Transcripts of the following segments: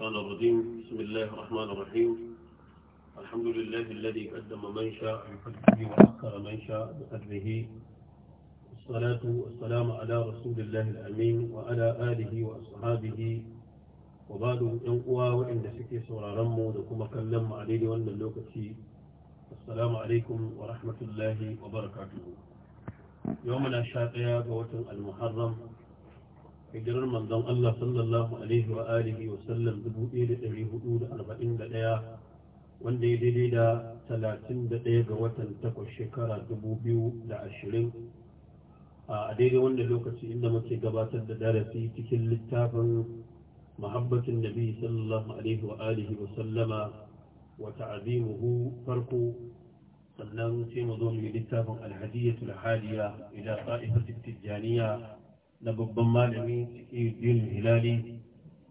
الشيطان الرجيم بسم الله الرحمن الرحيم الحمد لله الذي قدم من شاء بقدره وأخر من شاء بقدره والصلاة والسلام على رسول الله الأمين وعلى آله وأصحابه وبعد إن قوى وإن سكي سورة رمو لكم كلم عليه وأن اللوكتي السلام عليكم ورحمة الله وبركاته يومنا شاقيا قوة المحرم hijirar manzon Allah sallallahu alaihi wa alihi wa sallam 1441 wanda ya daidai da 31 ga watan takwas shekara 2020 a daidai wanda lokaci inda muke gabatar da darasi cikin littafin muhabbatin nabi sallallahu alaihi wa alihi wa sallama wa ta'azimuhu farko sannan sai mu zo mu littafin alhadiyatul hadiya ila sa'ifatit tijaniya na babban malami ciki hilali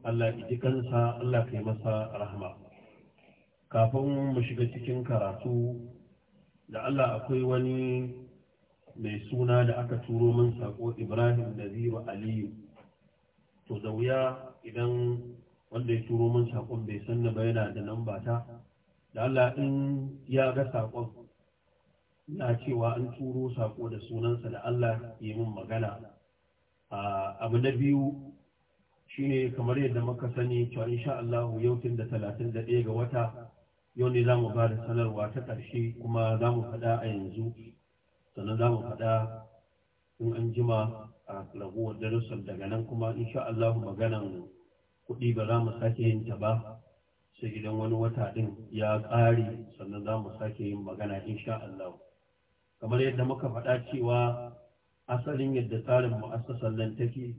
Allah ji kansa Allah kai masa rahama kafin mu shiga cikin karatu da Allah akwai wani mai suna da aka turo min sako Ibrahim da Ziru Aliyu to da wuya idan wanda ya turo min sakon bai san na yana da nan ta da Allah in ya ga sakon na cewa an turo sako da sunansa da Allah ya yi min magana Ah, abu na biyu ne kamar yadda muka sani cewa insha Allah yau da talatin da ɗaya ga wata yau ne za mu ba da sanarwa ta ƙarshe kuma za mu faɗa a yanzu sannan za mu faɗa in an jima a raguwar darussan daga nan kuma insha Allah maganan kuɗi ba za mu sake yin ta ba sai idan wani wata ɗin ya ƙare sannan za mu sake yin magana insha Allah kamar yadda muka faɗa cewa asalin yadda tsarin mu'assasar nan take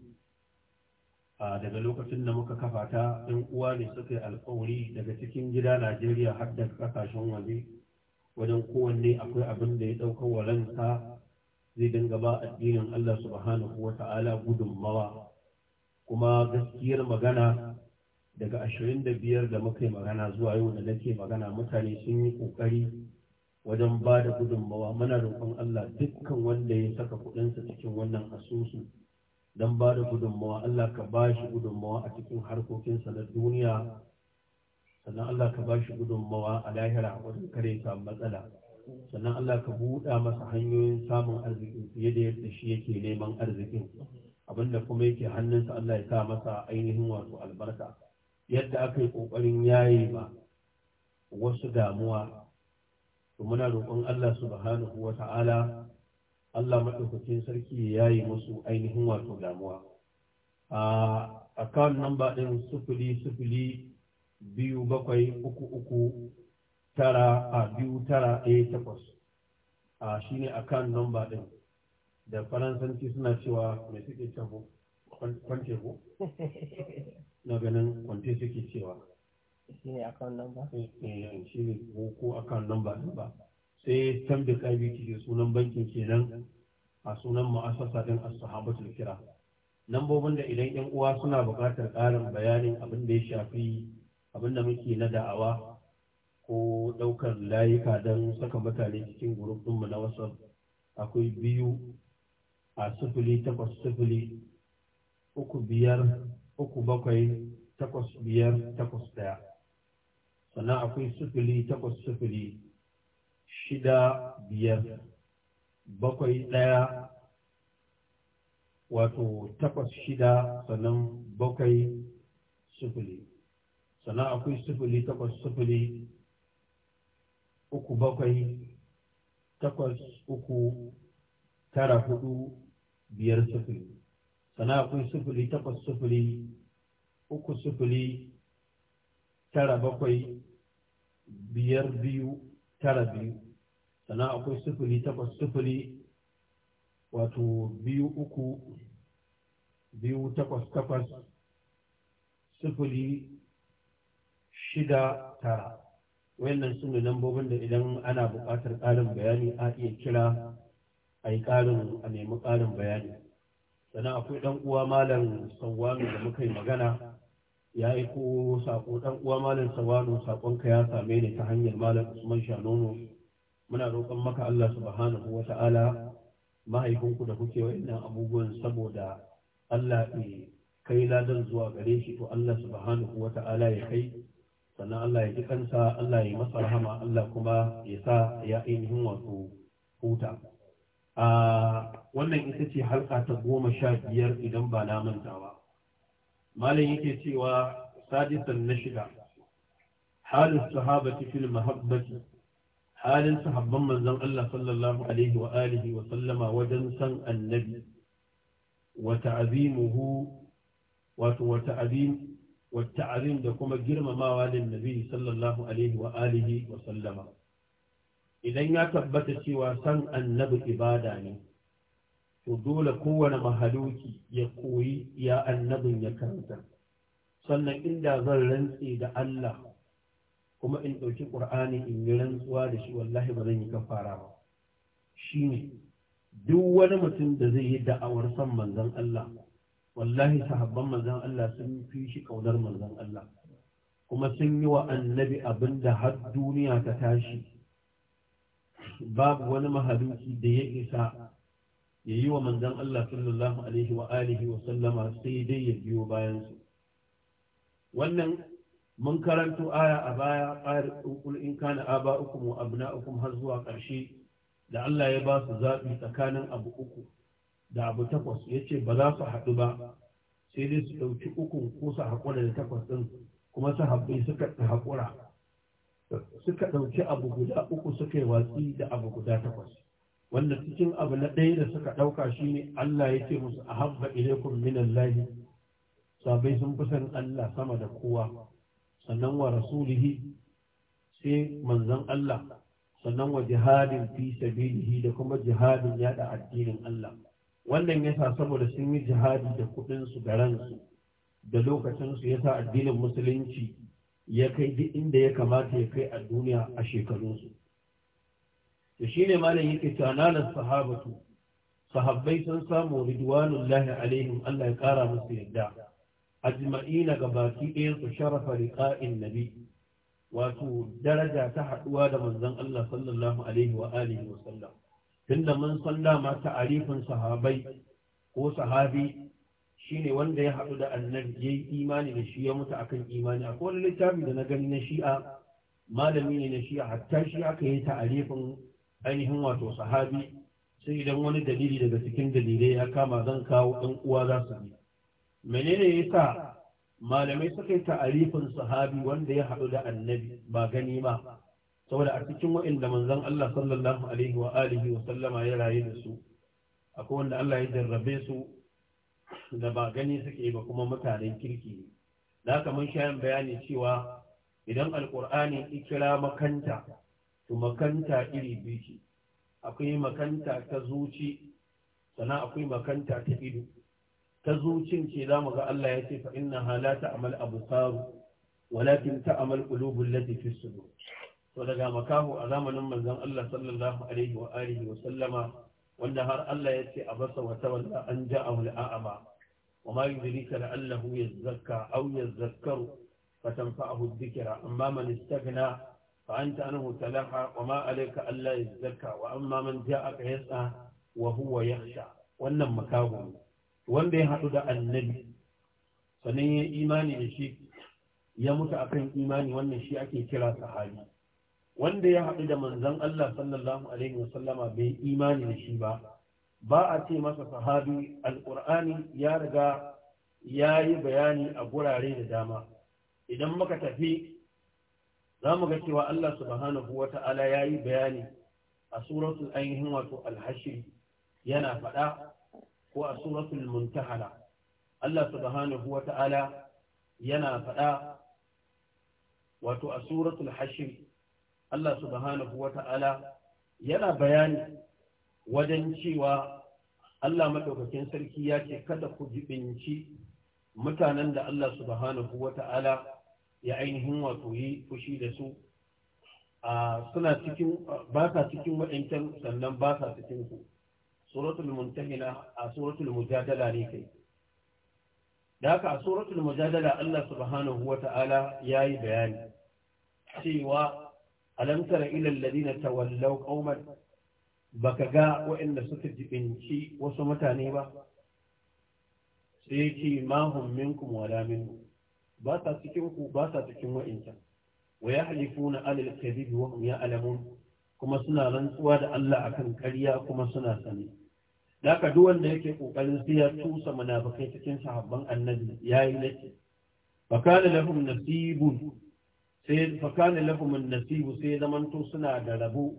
daga lokacin da muka kafa ta ɗan uwa ne suka yi alkawari daga cikin gida najeriya har da ƙasashen waje wajen kowanne akwai abin da ya ɗauka wa ranta zai dinga ba addinin allah subhanahu wa ta'ala gudunmawa kuma gaskiyar magana daga ashirin da biyar da muka yi magana zuwa yau da nake magana mutane sun yi ƙoƙari wajen ba da gudunmawa mana roƙon Allah dukkan wanda ya saka kuɗinsa cikin wannan asusu don ba da gudunmawa Allah ka ba shi gudunmawa a cikin harkokinsa na duniya sannan Allah ka ba shi gudunmawa a lahira wajen kare sa matsala sannan Allah ka buɗa masa hanyoyin samun arzikin fiye da yadda shi yake neman arzikin abinda kuma yake hannunsa Allah ya sa masa ainihin wato albarka yadda aka yi ƙoƙarin yaye ba wasu damuwa to muna roƙon Allah subhanahu wa ta'ala Allah maɗaukacin sarki ya yi musu ainihin wato damuwa a account number ɗin sufuli sufuli biyu bakwai uku uku tara a biyu tara ɗaya takwas a shine account number ɗin da faransanci suna cewa mai suke cewa kwante na ganin kwante suke cewa shi account number eh, eh shi ko account number din ba sai tambi kabi ke sunan bankin kenan a sunan mu'assasa din as kira lambobin da idan yan uwa suna buƙatar ƙarin bayanin abin da ya shafi abin da muke na da'awa ko ɗaukar layuka don saka mutane cikin guruf ɗinmu na wasan akwai biyu a sifili takwas sifili uku biyar uku bakwai takwas biyar takwas ɗaya sannan akwai sufili takwas sufili shida biyar bakwai ɗaya wato takwas shida sannan bakwai sufili sannan akwai sufili takwas sufili uku bakwai takwas uku tara hudu biyar sufili sannan akwai sufili takwas sufili uku sufili. tara bakwai biyar biyu tara biyu sannan akwai sufuri takwas sufuri wato biyu uku biyu takwas takwas sufuri shida tara wayannan su ne lambobin da idan ana buƙatar ƙarin bayani a iya kira a yi ƙarin a nemi ƙarin bayani sannan akwai ɗan uwa malam sauwami da muka yi magana ya yi ko sako ɗan uwa malam sawano sakonka ya same ni ta hanyar malam usman shanono muna roƙon maka Allah subhanahu wa ta'ala mahaifinku da kuke wa'annan abubuwan saboda Allah ya kai ladan zuwa gare shi to Allah subhanahu wa ta'ala ya kai sannan Allah ya ji kansa Allah ya masa rahama Allah kuma ya sa ya ainihin wato huta a ah, wannan ita ce halka ta goma sha biyar idan ba na mantawa malam yake cewa sadisan na shiga halin sahaba fil mahabbati halin sahabban manzon Allah sallallahu alaihi wa alihi wa sallama wajen san annabi wa ta'zimuhu wato wa ta'zim wa ta'zim da kuma girmamawa da nabi sallallahu alaihi wa alihi wa sallama idan ya tabbata cewa san annabi ibada ne to dole kowane mahaluki ya koyi ya annabin ya karanta sannan inda zan rantse da Allah kuma in ɗauki ƙur'ani in yi rantsuwa da shi wallahi ba zan yi kafara ba shi ne duk wani mutum da zai yi da'awar son manzon Allah wallahi sahabban manzon Allah sun fi shi ƙaunar manzon Allah kuma sun yi wa annabi abin da har duniya ta tashi babu wani mahaluki da ya isa ya yi wa manzan Allah sallallahu alaihi wa alihi wa sallama sai dai ya biyo bayansu wannan mun karanto aya a baya qul in kana aba'ukum wa abna'ukum har zuwa ƙarshe da Allah ya ba su zaɓi tsakanin abu uku da abu takwas ya ce ba za su haɗu ba sai dai su ɗauki uku ko su haƙura da takwas ɗin kuma su haɓɓi suka haƙura suka ɗauki abu guda uku suka yi watsi da abu guda takwas wanda cikin abu na ɗaya da suka ɗauka shi ne Allah ya ce musu a habba ilaikum minan lahi sabai sun fi san Allah sama da kowa sannan wa rasulihi sai manzon Allah sannan wa jihadin fi sabilihi da kuma jihadin yada addinin Allah wannan yasa saboda sun yi jihadi da kuɗinsu, su da ransu da lokacin su yasa addinin musulunci ya kai duk inda ya kamata ya kai a duniya a shekarunsu. da shi ne malam yake tananan sahabatu sahabbai sun samu ridwanullahi alaihim Allah ya kara musu yadda ajma'ina baki ɗayan su sharafa liqa'in nabi wato daraja ta haɗuwa da manzon Allah sallallahu alaihi wa alihi wa sallam tunda mun san dama ta'arifin sahabai ko sahabi shine wanda ya haɗu da annabi yayi imani da shi ya mutu akan imani akwai kowane littafi da na gani na shi'a malami ne na shi'a hatta shi aka yi ta'arifin ainihin wato sahabi sai idan wani dalili daga cikin dalilai ya kama zan kawo ɗan uwa za su bi menene ya sa malamai suka yi ta'arifin sahabi wanda ya haɗu da annabi ba gani ba saboda a cikin waɗanda manzon Allah sallallahu alaihi wa alihi wa sallama ya rayu da su akwai wanda Allah ya jarrabe su da ba gani suke ba kuma mutanen kirki ne da haka mun sha bayani cewa idan alqur'ani ikira makanta to makanta iri biyu ce akwai makanta ta zuci sannan akwai makanta ta ido ta zucin ce za mu ga Allah ya ce fa inna hala ta'mal absaru walakin ta'mal qulubul lati fi sudur to daga makahu a zamanin manzon Allah sallallahu alaihi wa alihi wa sallama wanda har Allah ya ce basa wa tawalla an ja'ahu al'ama wa ma yudrika la'allahu yazakka aw yazakkaru fatanfa'ahu dhikra amma man istaghna فأنت أنه تلقى وما عليك ألا يزكى وأما من جاءك يسعى وهو يخشى wannan makaho wanda ya haɗu da annabi sannan ya imani da shi ya mutu akan imani wannan shi ake kira sahabi wanda ya haɗu da manzon Allah sallallahu alaihi sallama bai imani da shi ba ba a ce masa sahabi alqur'ani ya riga ya yi bayani a gurare da dama idan muka tafi za mu ga cewa Allah subhanahu wa ta'ala ya yi bayani a suratul ainihin wato alhashiri yana faɗa ko a suratul muntahana Allah subhanahu wa ta'ala yana faɗa wato a suratul hashiri Allah subhanahu wa ta'ala yana bayani wajen cewa Allah maɗaukakin sarki ya ce kada ku jibinci mutanen da Allah subhanahu wa ta'ala ya ainihin wato yi fushi da su suna cikin ba sa cikin waɗancan sannan ba sa cikin ku suratul muntahina a suratul mujadala ne kai da haka a suratul mujadala Allah subhanahu wata'ala yayi bayani cewa alam tara ila alladhina tawallaw qauman baka ga waɗanda suka jibinci wasu mutane ba sai ce ma hum minkum wala minkum ba sa cikin ku ba sa cikin wa'incan wa yahlifuna alal kadhibi wa kuma suna rantsuwa da Allah akan ƙarya kuma suna sani Daka duk wanda yake kokarin siya tusa munafikai cikin sahabban annabi yayi laifi fakana lahum nasibun sai fakana lahum nasibu sai zamanto suna da rabo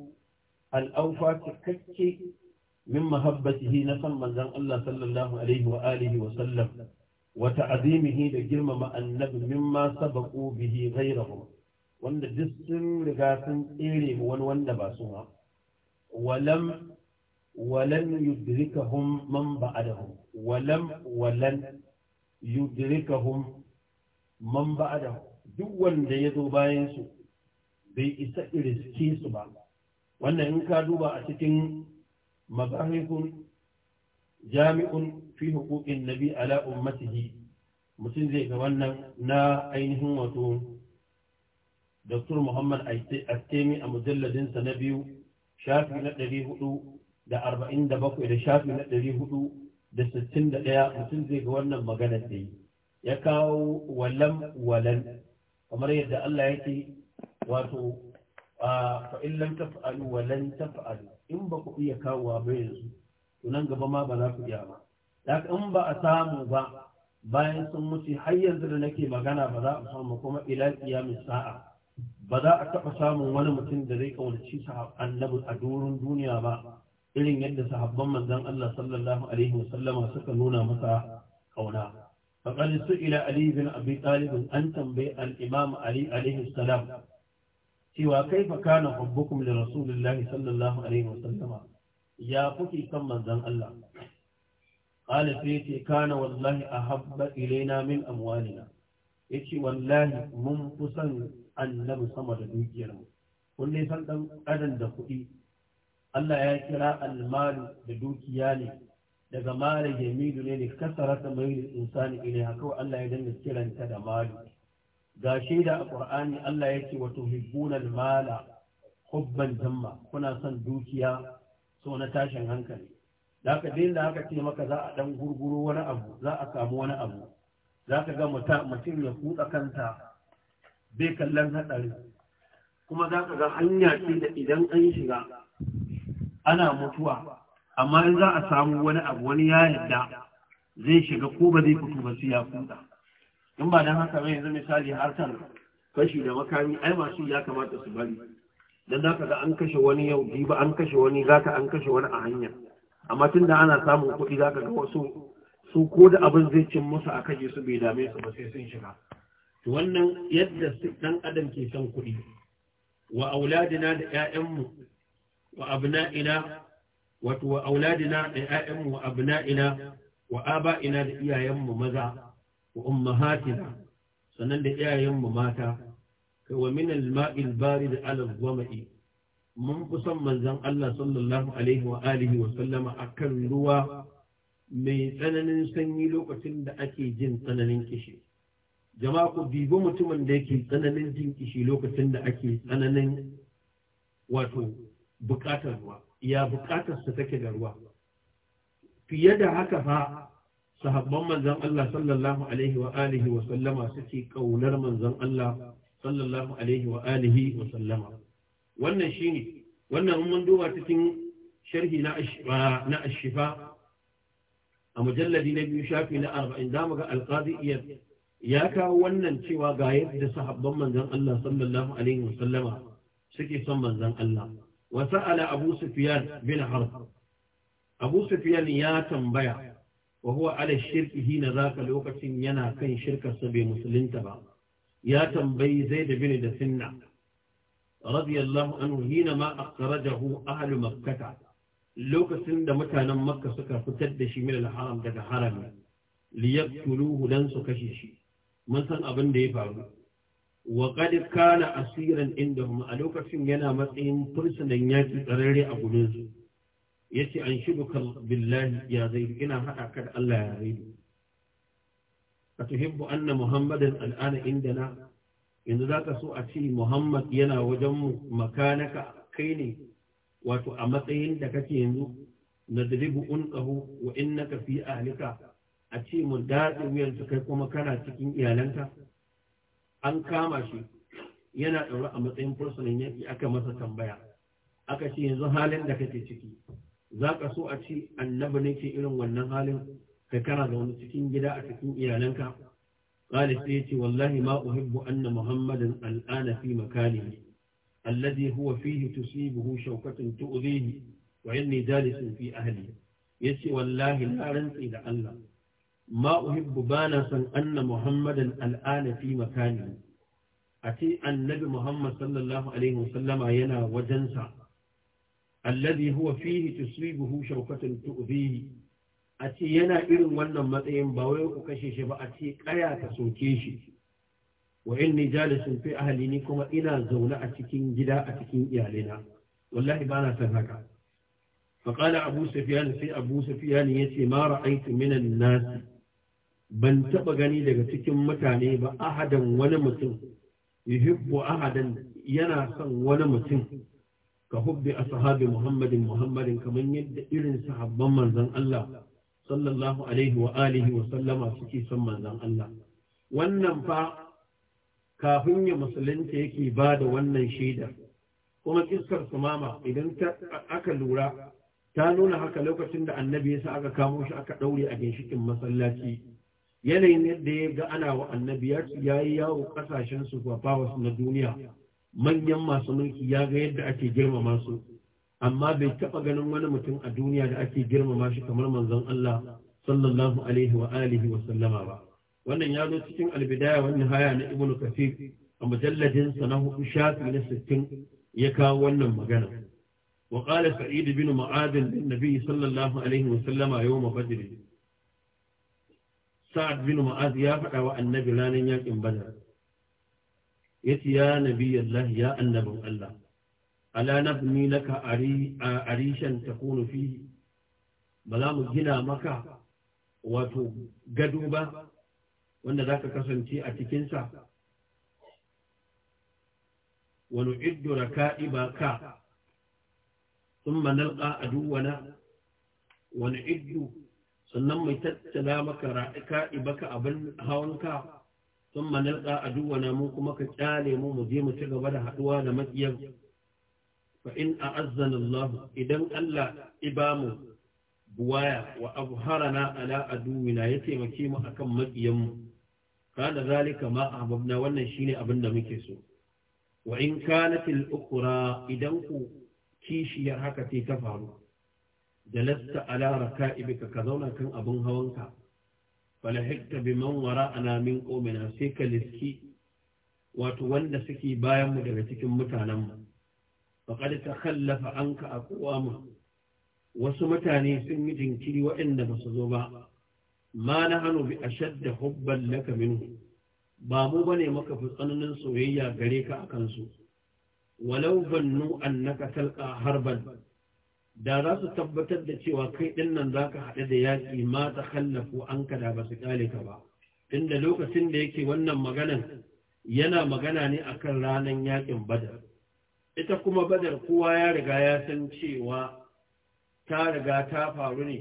al'aufa cikakke min mahabbatihi na san manzon Allah sallallahu alaihi wa alihi wa sallam wata azimihi da girmama annabi mimma sabaqu bihi ghayrahum wanda duk sun riga sun tsere mu wani wanda ba su ma walam walan yudrikahum man ba'adahum walam walan yudrikahum man ba'adahum duk wanda ya zo bayan su bai isa iriske su ba wannan in ka duba a cikin mazahifun jami'un fi hukukin nabi ala ummatihi mutum zai ga wannan na ainihin wato Dr. Muhammad Astemi a mujalladinsa na biyu shafi na ɗari hudu da arba'in da bakwai da shafi na ɗari hudu da sittin da ɗaya mutum zai ga wannan magana da yi ya kawo walam walan kamar yadda Allah ya ce wato fa in lam taf'alu walan taf'alu in ba ku iya kawowa ba yanzu to nan gaba ma ba za ku iya ba da in ba a samu ba bayan sun mutu har yanzu da nake magana ba za a samu kuma ila qiyamis sa'a ba za a taɓa samun wani mutum da zai kaunaci annabi a doron duniya ba irin yadda sahabban manzon Allah sallallahu alaihi wasallama suka nuna masa kauna su Ila ali bin abi talib an tambayi al-imam ali alaihi salam cewa kaifa kana hubbukum li rasulillahi sallallahu alaihi wasallama ya kuke kan manzon Allah قال فيتي كان والله أحب إلينا من أموالنا يتي والله منفسا annabi sama da dukiyar mu kun ne san dan kadan da kuɗi Allah ya kira almalu da dukiya ne daga mala jamilu ne da kasarata mai insani ilai haka Allah ya danna kiranta da malu ga shaida a Kur'ani Allah yake wato, tuhibbuna almala hubban jamma kuna son dukiya so na tashin hankali da ka da haka ce maka za a ɗan gurguru wani abu za a samu wani abu za ka ga mutum ya kutsa kanta bai kallon haɗari. kuma za ka ga hanya ce da idan an shiga ana mutuwa amma in za a samu wani abu wani ya yadda zai shiga ko ba zai fito ba sai ya kutsa in ba don haka mai yanzu misali harkar Kashi da makami ai masu ya kamata su bari dan za ka ga an kashe wani yau ba an kashe wani za an kashe wani a hanya amma tun da ana samun kuɗi za ka ga wasu su ko da abin zai cin musu a kai su bai dame su ba sai sun shiga wannan yadda dan adam ke son kuɗi wa auladina da ƴaƴanmu wa abna'ina wato wa auladina da ƴaƴanmu wa abna'ina wa aba'ina da iyayenmu maza wa ummahatina sannan da iyayenmu mata kai wa min al-ma'il barid ala al mun fi son manzon Allah sallallahu alaihi wa alihi wa sallama a kan ruwa mai tsananin sanyi lokacin da ake jin tsananin kishi jama'a ku bibi mutumin da yake tsananin jin kishi lokacin da ake tsananin wato bukatar ruwa ya bukatar su take da ruwa fiye da haka fa sahabban manzan Allah sallallahu alaihi wa alihi wa sallama suke ƙaunar manzan Allah sallallahu alaihi wa alihi wa sallama wannan shine wannan mun duba cikin sharhi na ashifa a mujalladi na biyu shafi na za mu ga alqadi iyad ya kawo wannan cewa ga yadda sahabban manzon Allah sallallahu alaihi wasallama suke son manzon Allah wa sa'ala Abu Sufyan bin Harb Abu Sufyan ya tambaya wa huwa ala shirki hina zaka lokacin yana kan shirkarsa bai musulunta ba ya tambayi da bin da Sinna رضي الله عنه حينما أخرجه أهل مكة lokacin da mutanen makka suka fitar da shi milal haram daga harami liyaqtuluhu dan su kashe shi mun san abin da ya faru wa qad kana asiran indahum a lokacin yana matsayin fursunan yaki tsararre a gurin su yace an shibuka billahi ya zaid ina hada ka Allah ya zaid atuhibbu anna muhammadan al'ana indana yanzu za ka so a ce muhammad yana wajen makanaka kai ne wato a matsayin da kake yanzu na dalibu unkahu wa ka fi ahlika a ce mu daɗe wuyansa kai kuma kana cikin iyalanka an kama shi yana ɗaura a matsayin fursunan yaki aka masa tambaya aka ce yanzu halin da kake ciki za ka so a ce annabi ne ke irin wannan halin kai kana da wani cikin gida a cikin iyalanka قال سيتي والله ما أحب أن محمدا الآن في مكانه الذي هو فيه تصيبه شوكة تؤذيه وإني جالس في أهلي يسي والله لا رنسي لألا ما أحب بانسا أن محمدا الآن في مكانه أتي النبي محمد صلى الله عليه وسلم ينا وجنسا الذي هو فيه تصيبه شوكة تؤذيه a ce yana irin wannan matsayin ba wai ku kashe shi ba a ce kaya ka soke shi wa ni jalisun fi ahli ni kuma ina zaune a cikin gida a cikin iyalina wallahi bana san haka fa abu sufyan sai abu sufyan yace ma ra'aytu minan nas ban taba gani daga cikin mutane ba ahadan wani mutum yuhibbu ahadan yana son wani mutum ka hubbi ashabi muhammadin muhammadin kamar yadda irin sahabban manzon Allah sallallahu alaihi wa alihi wa sallama suke son manzon Allah wannan fa kafin ya musulunta yake ba da wannan shaida kuma iskar sumama idan aka lura ta nuna haka lokacin da annabi ya sa aka kamo shi aka ɗaure a ginshikin masallaci yanayin yadda ya ga ana wa annabi ya yi yawo ƙasashen su na duniya manyan masu mulki ya ga yadda ake girmama su amma bai taɓa ganin wani mutum a duniya da ake girmama shi kamar manzon Allah sallallahu alaihi wa alihi wa sallama ba wannan ya zo cikin albidaya wannan haya na ibnu kafir a mujalladin sa na hudu shafi na 60 ya kawo wannan magana wa qala sa'id bin mu'adh bin nabi sallallahu alaihi wa sallama yawm badr sa'ad bin mu'adh ya faɗa wa annabi ranar yakin badar yace ya nabi Allah ya annabin Allah ala nabni laka arishan takunu fihi ba za mu gina maka wato gado ba wanda za ka kasance a cikinsa wani iddu raka'iba ka sun manalƙa a duwana wani iddu sannan mai tattala maka ra'ika'ibaka abin hawanka sun manalƙa a duwana mu kuma ka ƙyale mu mu je mu ci gaba da haɗuwa da maƙiyar fa in a'azzana Allah idan Allah ibamu buwaya wa abharana ala aduwina ya taimake mu a kan akan makiyanmu kana zalika ma ahbabna wannan shine abin da muke so wa in kanat al ukhra idan ku kishiyar haka sai ta faru Da jalasta ala raka'ibika ka ka zauna kan abin hawan ka. hawanka hekta bi man wara'ana min qaumina sai ka liski wato wanda suke bayanmu daga cikin mutanenmu faƙar ta kallafa an ka a kowa wasu mutane sun yi jinkiri waɗanda ba su zo ba ma na hannu bi shadda hubban laka minhu ba mu bane maka fi tsananin soyayya gare ka a kansu walau bannu annaka talqa harban da za su tabbatar da cewa kai ɗin nan zaka haɗu da yaƙi ma ta kallafu an ka da ba su kale ka ba inda lokacin da yake wannan maganan yana magana ne akan ranar yaƙin badar ita kuma badar kowa ya riga ya san cewa ta riga ta faru ne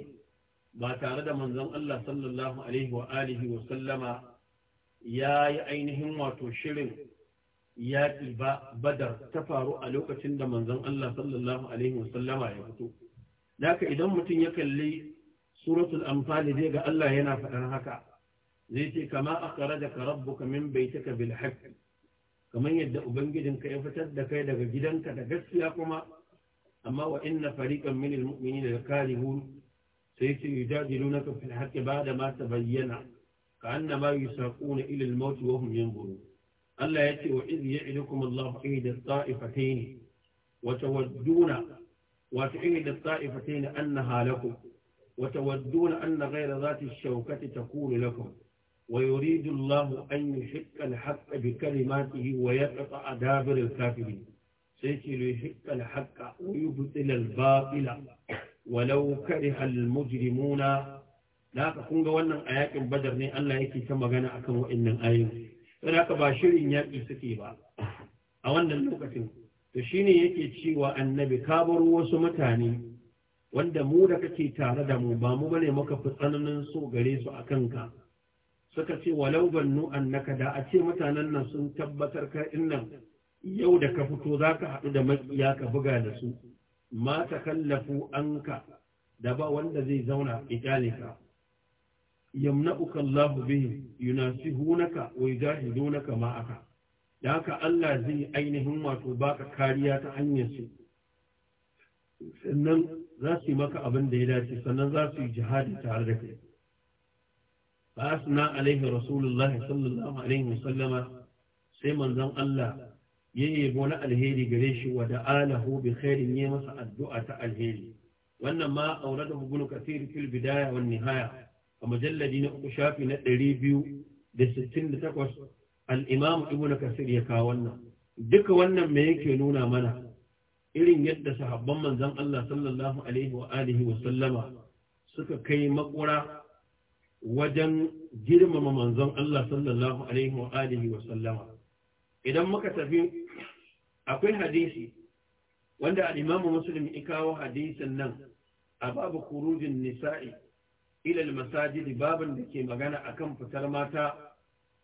ba tare da manzon Allah sallallahu alaihi wa alihi wa sallama ya yi ainihin wato shirin yaƙi ba badar ta faru a lokacin da manzon Allah sallallahu alaihi wa sallama ya fito Daka idan mutum ya kalli suratul amfani zai ga Allah yana faɗan haka zai ce kama akhrajaka rabbuka min ka bil haqqi kamar yadda ubangijinka ya fitar da kai daga gidanka da gaskiya kuma amma wa inna fariqan min almu'minina lakarihun sai ce yujadilunaka fil haqqi ba'da ma tabayyana ka'annama yusaquna ila al-maut wa hum yanzurun Allah ya ce wa iz ya'idukum Allahu ihda ta'ifatayn wa tawadduna wa ta'ida ta'ifatayn annaha lakum وتودون أن غير ذات الشوكة تكون لكم ويريد الله أن يحق الحق بكلماته ويقطع دابر الكافرين سيكي ليحق الحق ويبطل الباطل ولو كره المجرمون لا تكون وانا آيات بدر ني الله يكي كما غنى أكم وإن آيات فلاك باشرين يكي سكيبا أولا اللوكة تشيني يكي تشيوى النبي كابر وسمتاني wanda mu da kake tare da mu ba mu bane maka fi tsananin so gare su a kanka suka ce walau bannu annaka da a ce mutanen nan sun tabbatar ka innan yau da ka fito za ka haɗu da maƙiya ka buga da su ma ta kallafu an ka da ba wanda zai zauna ikale ka yamna'uka Allah bihi yunasihunaka wa yujahidunaka aka. da haka Allah zai ainihin wato baka kariya ta hanyar su sannan za su yi maka abin da ya dace sannan za su yi jihadi tare da kai فأثنى عليه رسول الله صلى الله عليه وسلم سيما زم الله يبون الهيري قريش ودعا له بخير يمس الدعاء الهيري وإنما أورده ابن كثير في البداية والنهاية ومجلد نقشاف نتريبيو لستين لتقوس الإمام ابن كثير يكاونا دك وانا ما يكينونا منا إلين يد صحبا من زم الله صلى الله عليه وآله وسلم سكا كي مقرأ wajen girmama manzon Allah sallallahu alaihi wa alihi wa sallama idan muka tafi akwai hadisi wanda al-Imam Muslim ya kawo hadisin nan a babu khurujin nisa'i ila al-masajid da ke magana akan fitar mata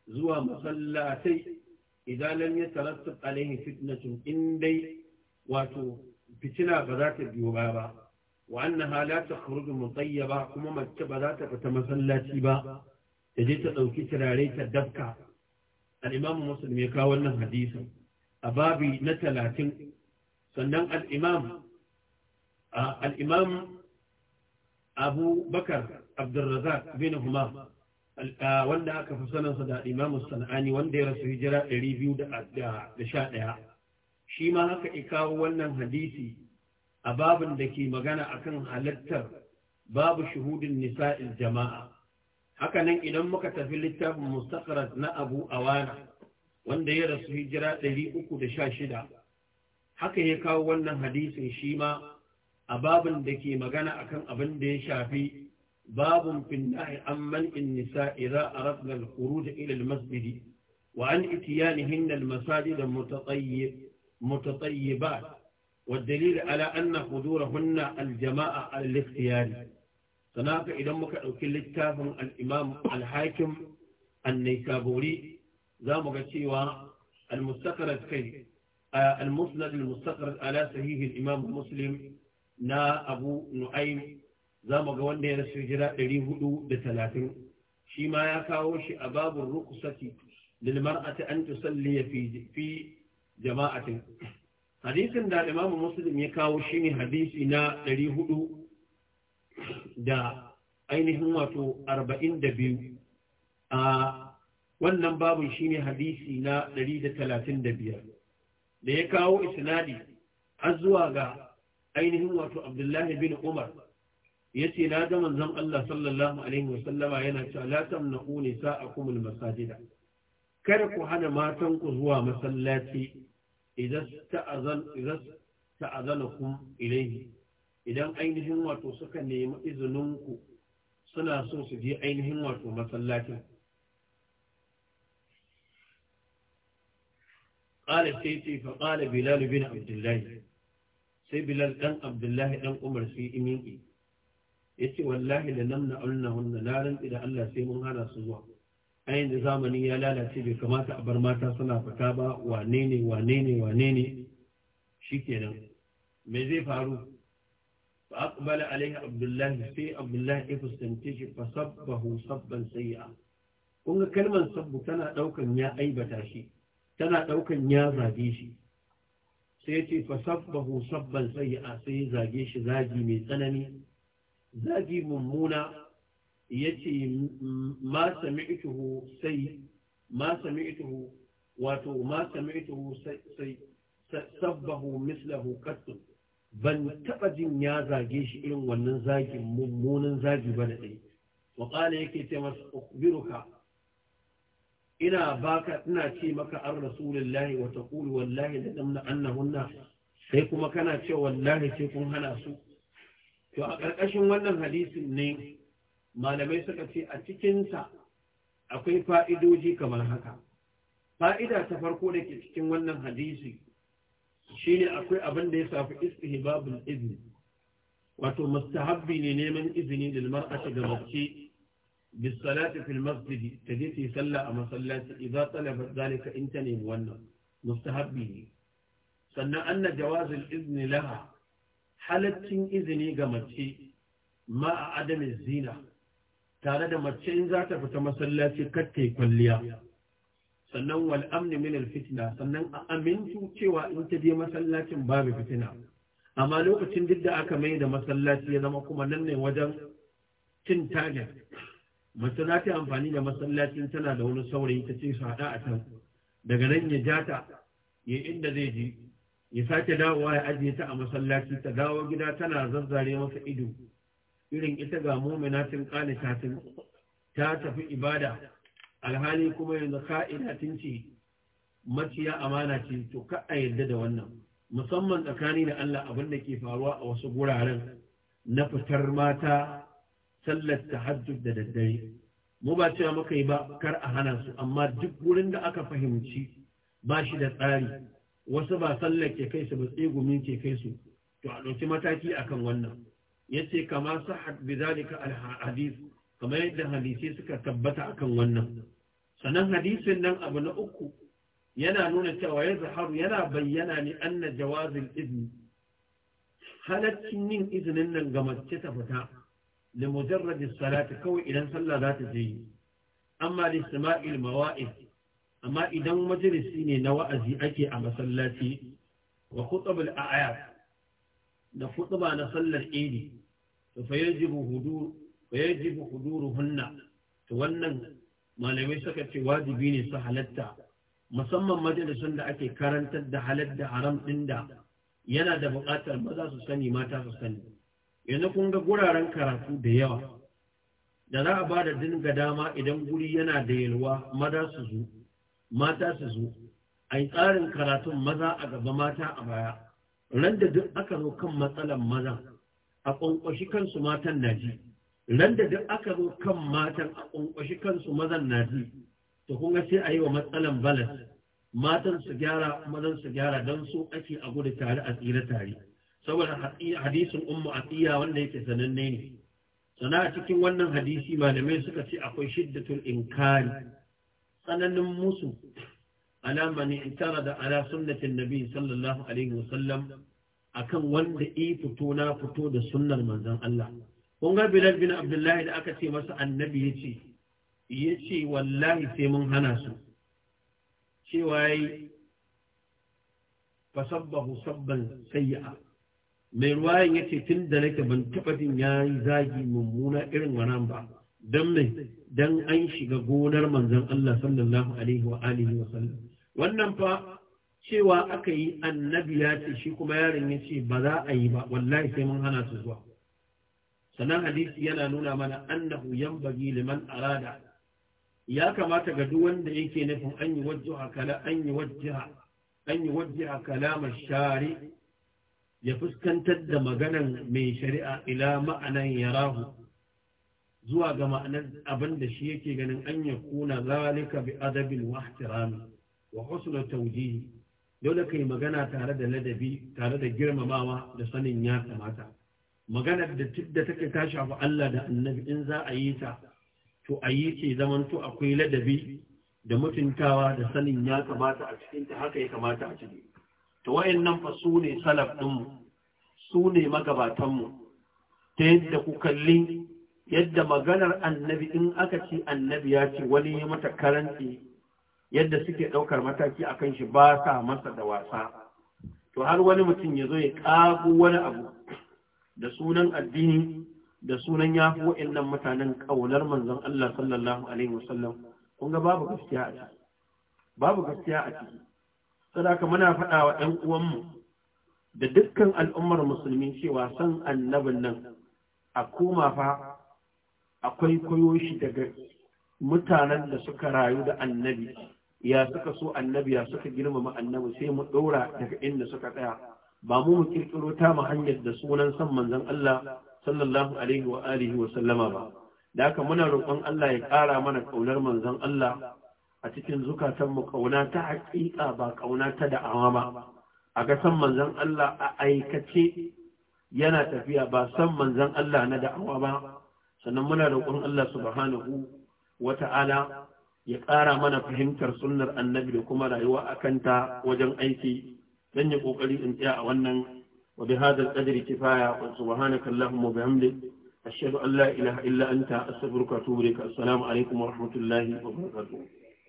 zuwa masallatai idan lam yatarattab alaihi fitnatun in dai wato fitina ba za ta biyo ba wa annaha la takhruju mutayyaba kuma mace ba za ta fita masallaci ba ta je ta dauki turare ta dafka al-imamu ya kawo wannan hadisin a na talatin sannan al-imam al-imam abu bakar abdurrazak bin huma wanda aka fi sanansa da imamu sana'ani wanda ya rasu hijira 211 shi ma haka ya kawo wannan hadisi a babin da ke magana akan halattar babu shuhudin nisa'il jama'a haka nan idan muka tafi littafin mustaqrat na Abu Awana wanda ya rasu hijira 316 haka ya kawo wannan hadisin shi ma a babin da ke magana akan abin da ya shafi babun finnahi an man'in nisa idza aradna al-khuruj ila al-masjid wa an itiyanihinna al-masajid mutatayyibat والدليل على أن حضورهن الجماعة الاختياري صناعك إذا مكأوك للتاف الإمام الحاكم النيسابوري ذا مكتشيوى المستقرد في آه، المسند المستقرد على صحيح الإمام مسلم نا أبو نعيم ذا مكوان دي رسجراء لريهدو بثلاثين شما يكاوش أباب الرقصة للمرأة أن تصلي في في جماعة hadisin da imamu muslim ya kawo shi ne hadisi na 400 da ainihin wato 42 a wannan babun ne hadisi na 135 da ya kawo isnadi har zuwa ga ainihin wato abdullahi bin umar ya ce na ga zan Allah sallallahu alaihi wasallama yana cewa la tamna'u nisa'akum al-masajida kada ku hana matan ku zuwa masallaci إذا تأذنكم إليه idan ainihin wato suka nemi izininku suna so su je ainihin wato masallacin ƙala sai ce fa ƙala bilal bin abdullahi sai bilal dan abdullahi dan umar su yi imin ya ce wallahi da nan na'ulna hunna larin idan allah sai mun hana su zuwa a yanzu zamani ya lalace bai kamata a bar mata suna fita ba wane ne wane ne wane ne shikenan me zai faru Ba a kubala alaihi abdullahi sai abdullahi ya fuskanci shi fa sabbahu sabban sayya kun ga kalmar sabbu tana daukan ya aibata shi tana daukan ya zage shi sai ce fa sabbahu sabban sayya sai zage shi zagi mai tsanani zagi mummuna yace ma sami'tuhu sai ma sami'tuhu wato ma sami'tuhu sai sabbahu mislahu qattu ban taɓa jin ya zage shi irin wannan zagin mummunan zagi ba da dai wa qala yake ce masa ukhbiruka ina baka ina ce maka an rasulullahi wa taqulu wallahi la damna annahunna sai kuma kana ce wallahi sai kun hana su to a ƙarƙashin wannan hadisin ne malamai suka ce a cikinsa akwai fa'idoji kamar haka fa'ida ta farko da ke cikin wannan hadisi shine akwai abin da ya safi babin izni wato mustahabbi ne neman izini da ake ga mace bisalati fil masjid ta je sallah a masallaci idza talaba zalika in ta nemi wannan mustahabbi ne sannan anna jawazul izni laha halaccin izini ga mace ma a adamin zina tare da mace in za ta fita masallaci kar ta kwalliya sannan wal amni min fitna sannan a amintu cewa in ta je masallacin babu fitina amma lokacin duk da aka mai da masallaci ya zama kuma nan ne wajen cin target mace za ta amfani da masallacin tana da wani saurayi ta ce su a can daga nan ya ja ya inda zai je ya sake dawowa ya ajiye ta a masallaci ta dawo gida tana zazzare masa ido irin ita ga muminatin kane ta tafi ibada alhali kuma yanzu tun ce maciya amana ce to ka a yarda da wannan musamman tsakani da Allah abin da ke faruwa a wasu guraren na fitar mata sallar tahajjud da daddare mu ba cewa muka yi ba kar a hana su amma duk gurin da aka fahimci ba shi da tsari wasu ba sallar ke kai su ba tsegumin ke kai su to a ɗauki mataki akan wannan yace kama sahhat bidhalika alhadith kamar yadda hadisi suka tabbata akan wannan sanan hadisin nan abu na uku yana nuna cewa ya zaharu yana bayyana ne anna jawazil izni halaccin yin izinin nan ga mace ta fita da mujarrajin salati kawai idan sallah za ta je yi amma da sama'il mawa'id amma idan majalisi ne na wa'azi ake a masallaci wa khutabul a'yad da khutba na sallar idi to fa yajibu hudur fa yajibu huduruhunna to wannan malamai suka ce wajibi ne su halatta musamman majalisun da ake karantar da halatta haram ɗin da yana da buƙatar maza su sani mata su sani yanzu kun ga guraren karatu da yawa da za a ba da dinga dama idan guri yana da yalwa maza su zo mata su zo a tsarin karatun maza a gaba mata a baya ran da duk aka zo kan matsalan maza a ƙwanƙwashi kansu matan na ji ran da duk aka zo kan matan a ƙwanƙwashi kansu mazan na ji to kun ga sai a yi wa matsalan balas matan su gyara mazan su gyara don su ake a gudu tare a tsira tare saboda hadisin umma ummu atiya wanda yake sananne ne sana a cikin wannan hadisi malamai suka ce akwai shiddatul inkari tsananin musu Alama ala man i'tarada ala sunnatin nabi sallallahu alaihi wasallam akan wanda i fito na fito da sunnar manzon Allah kun ga Bilal bin Abdullahi da aka ce masa annabi yace yace wallahi sai mun hana su cewa yayi fasabbahu sabban sayyi'a mai ya yace tun da nake ban taɓa jin yayi zagi mummuna irin wannan ba dan an shiga gonar manzon Allah sallallahu alaihi wa sallam wannan fa cewa aka yi annabi ya ce shi kuma yaron ya ce ba za a yi ba wallahi sai mun hana su zuwa sannan hadisi yana nuna mana annahu yanbaghi liman arada ya kamata ga duk wanda yake nufin an yi wajjaha kala an yi an yi kalamar shari ya fuskantar da maganan mai shari'a ila ma'anan yarahu zuwa ga ma'anar abin da shi yake ganin an ya kuna zalika bi adabil wahtirami wa husnul tawjihi dole kai magana tare da ladabi tare da girmamawa da sanin ya kamata maganar da da take ta shafi Allah da annabi in za a yi ta to a yi ce zaman to akwai ladabi da mutuntawa da sanin ya kamata a cikin ta haka ya kamata a ciki to wayannan fa su ne salaf mu su ne magabatanmu ta yadda ku kalli yadda maganar annabi in aka ce annabi ya ce wani ya mata karanci yadda suke ɗaukar mataki a kan shi ba sa masa da wasa to har wani mutum ya zo ya ƙago wani abu da sunan addini da sunan ya fi wa'annan mutanen ƙaunar manzon Allah sallallahu alaihi wasallam kun ga babu gaskiya a ciki babu gaskiya a ciki saboda muna faɗa wa ɗan uwanmu da dukkan al'ummar musulmi cewa san annabin nan a koma fa akwai koyo shi daga mutanen da suka rayu da annabi ya suka so annabi ya suka girmama annabi sai mu ɗora daga inda suka tsaya ba mu mu kirkiro ta mu hanyar da sunan san manzon Allah sallallahu alaihi wa alihi wa sallama ba da haka muna roƙon Allah ya ƙara mana ƙaunar manzon Allah a cikin zukatan mu ƙauna ta haƙiƙa ba ƙauna ta da'awa ba a ga san manzon Allah a aikace yana tafiya ba san manzon Allah na da'awa ba sannan muna roƙon Allah subhanahu ta'ala? ya ƙara mana fahimtar sunnar annabi da kuma rayuwa a kanta wajen aiki dan ya ƙoƙari in tsaya a wannan wa bi hadal qadri kifaya wa subhanaka allahumma bihamdik ashhadu an la ilaha illa anta astaghfiruka wa atubu ilaik assalamu alaikum wa rahmatullahi wa barakatuh